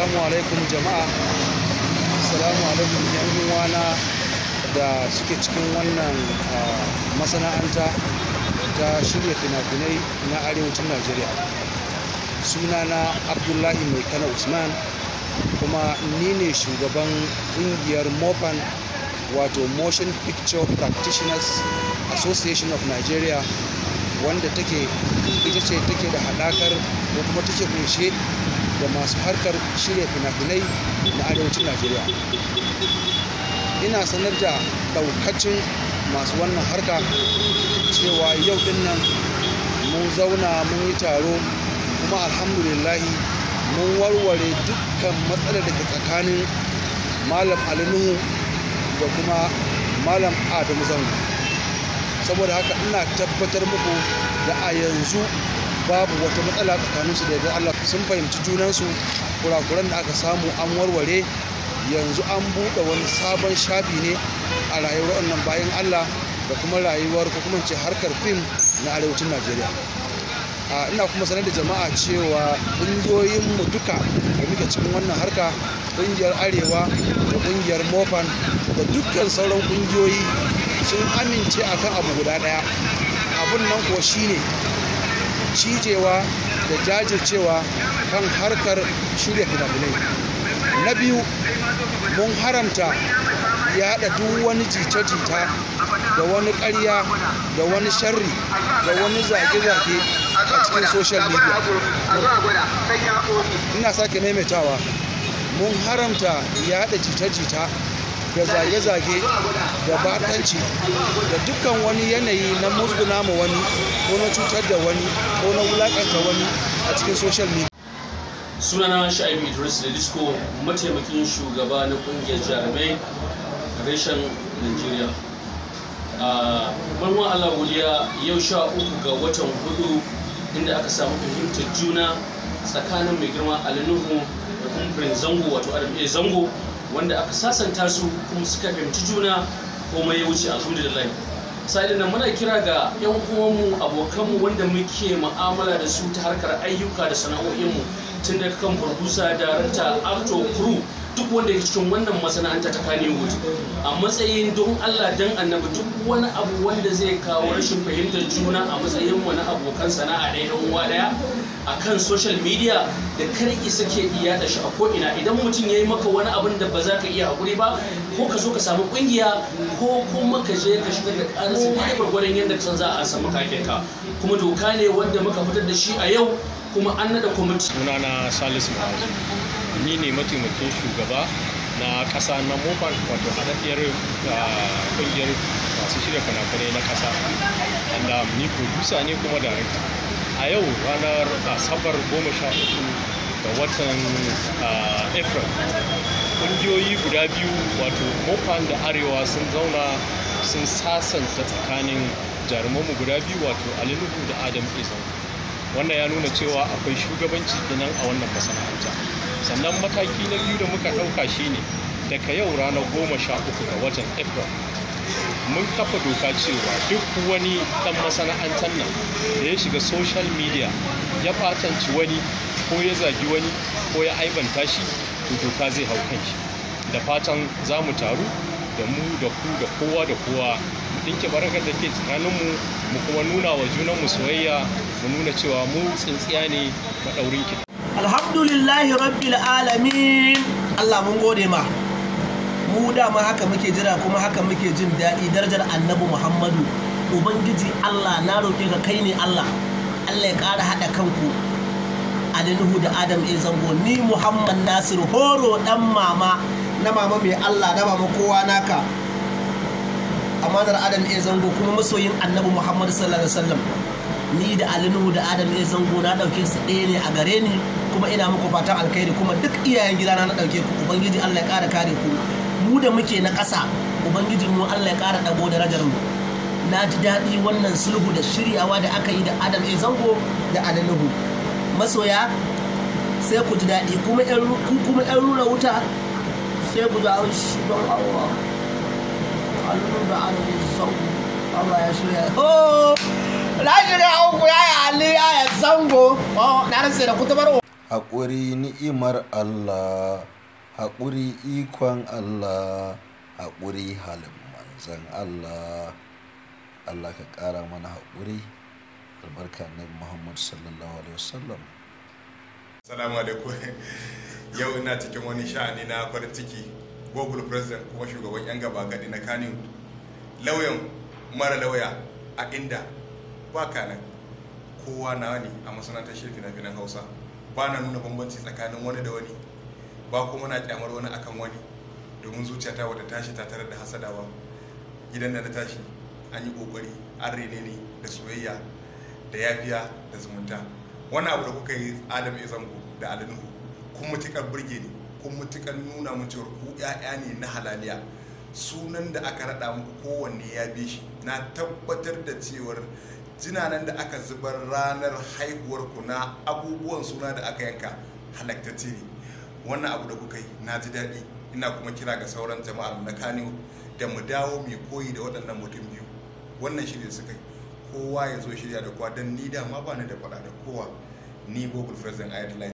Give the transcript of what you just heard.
assalamu alaikum jama'a assalamu alaikum yan uwana da suke cikin wannan masana'anta ta shirya fina-finai na arewacin najeriya sunana abdullahi mai kana usman kuma ni ne shugaban ƙungiyar mopan wato motion picture practitioners association of nigeria wanda take ita ce take da haɗakar ko kuma take kunshe da masu harkar shirya fina-finai na arewacin najeriya ina sanar da daukacin masu wannan harka cewa yau din nan mun zauna mun yi taro kuma alhamdulillahi mun warware dukkan matsalar da ke tsakanin malam alinuhu da kuma malam adamu zango saboda haka ina tabbatar muku da a yanzu babu wata matsala tsakanin su da yadda Allah sun fahimci junansu kurakuran da aka samu an warware yanzu an buɗe wani sabon shafi ne a rayuwar wannan bayan Allah da kuma rayuwar ko kuma ce harkar fim na arewacin Najeriya. ina kuma sanar da jama'a cewa mu duka da muke cikin wannan harka ƙungiyar arewa da ƙungiyar mofan da dukkan sauran ƙungiyoyi sun amince akan abu guda ɗaya abun nan kuwa shine cijewa da jajircewa kan harkar shirya fina-finai na biyu mun haramta ya haɗa duk wani jita-jita da wani ƙarya da wani sharri da wani zage-zage a cikin social media ina sake maimaitawa mun haramta ya haɗa jita-jita da zage-zage da batanci da dukkan wani yanayi na musguna ma wani ko na cutar da wani ko na wulakanta wani a cikin social media sunana sha'ibu idris da disco mataimakin shugaba na kungiyar jarumai a reshen nigeria a allah godiya yau sha uku ga watan hudu inda aka samu fahimtar juna tsakanin mai girma alinuhu da kuma zango wato adam a zango wanda aka sasanta su kuma suka fahimci juna komai ya wuce alhamdulillah sa'ilin nan muna kira ga yan uwanmu abokanmu wanda muke mu'amala da su ta harkar ayyuka da sana'o'inmu tun daga kan burbusa darakta arto crew duk wanda ke cikin wannan masana'anta ta kane wuce a matsayin don Allah dan annabi duk wani abu wanda zai kawo rashin fahimtar juna a matsayin wani abokan sana'a da ɗan uwa ɗaya a kan social media da kar ki sake iya da shi a ko'ina idan mutum ya yi maka wani abin da ba za ka iya haƙuri ba ko ka zo ka samu ƙungiya ko kuma ka je ka shiga da ƙarasa da gwargwaron yadda ka san za a samu ka, kuma doka ne wanda muka fitar da shi a yau kuma an nada kwamiti sunana salisu ni ne mataimakin shugaba na ƙasa na Mofan wato haɗaɗɗiyar ah, ƙungiyar masu shirya fina-finai na ƙasa wanda um, ni producer ne kuma director a yau ranar asabar goma sha uku ga watan ah, april ƙungiyoyi guda biyu wato mofan da arewa sun zauna sun sasanta tsakanin jarumanmu guda biyu wato alinuhu da adam izan wannan ya nuna cewa akwai shugabanci kenan a wannan masana'anta sannan mataki na biyu da muka ɗauka shine daga yau ranar goma sha uku ga watan april mun kafa doka cewa duk wani dan masana'antar nan da ya shiga social media ya fatanci wani ko ya zagi wani ko ya aibanta shi to doka zai hau kan shi da fatan za mu taru da mu da ku da kowa da kowa dinke barakar da ke tsakaninmu mu kuma nuna wa junan mu soyayya mu nuna cewa mu tsintsiya ne maɗaurin ki alhamdulillahi rabbil alamin allah mun gode ma mu dama haka muke jira kuma haka muke jin daɗi darajar annabi muhammadu ubangiji allah na roƙe ka kai ne allah allah ya ƙara haɗa kanku nuhu da adam ya zango ni muhammad Nasiru horo ɗan mama na mama mai allah na mama kowa naka amanar adam ya zango kuma masoyin annabi Muhammadu sallallahu alaihi wasallam ni da alinu da adam ya zango na dauke su ɗaya ne a gare ni kuma ina muku fatan alkhairi kuma duk iyayen gida na dauke ku ubangiji allah ya kara kare ku mu da muke na ƙasa ubangiji mu allah ya kara ɗago rajar mu na ji daɗi wannan sulhu da shiryawa da aka yi da adam ya zango da alinu masoya sai ku ji daɗi kuma ɗan rura wuta sai ku ji don allah al'urba an sau Allah ya shirya ho na shirya uku ya yi aliyu ya zango na rantse da kutubar haƙuri ni'imar Allah haƙuri ikon Allah haƙuri halin manzan Allah Allah ka ƙara mana haƙuri albarka na Muhammad sallallahu alaihi wasallam salamu alaikum yau ina cikin wani sha'ani na farin ciki google president kuma shugaban yan gaba gadi na kanin lauyan mara lauya a inda ba ka kowa na ne a masana'antar shirin fina-finan hausa ba na nuna bambanci tsakanin wani da wani ba kuma na kyamar wani akan wani domin ta wata tashi ta tare da hasadawa gidan da na tashi an yi kokari an rene ne da soyayya da yafiya da zumunta wani abu da kuka yi adam ya zango da alinuhu kun mutukar burge ne. kun mutukan nuna mu cewar ku yaya ne na halaliya sunan da aka raɗa muku kowanne ya bi shi na tabbatar da cewar jinanan da aka zubar ranar haihuwar ku na abubuwan suna da aka yanka halaktacce ne wannan abu da kuka yi na ji daɗi ina kuma kira ga sauran jama'ar na kano da mu dawo mai koyi da waɗannan mutum biyu wannan shirya suka yi kowa ya zo shirya da kowa don ni dama ba ni da faɗa da kowa ni google president ayatollah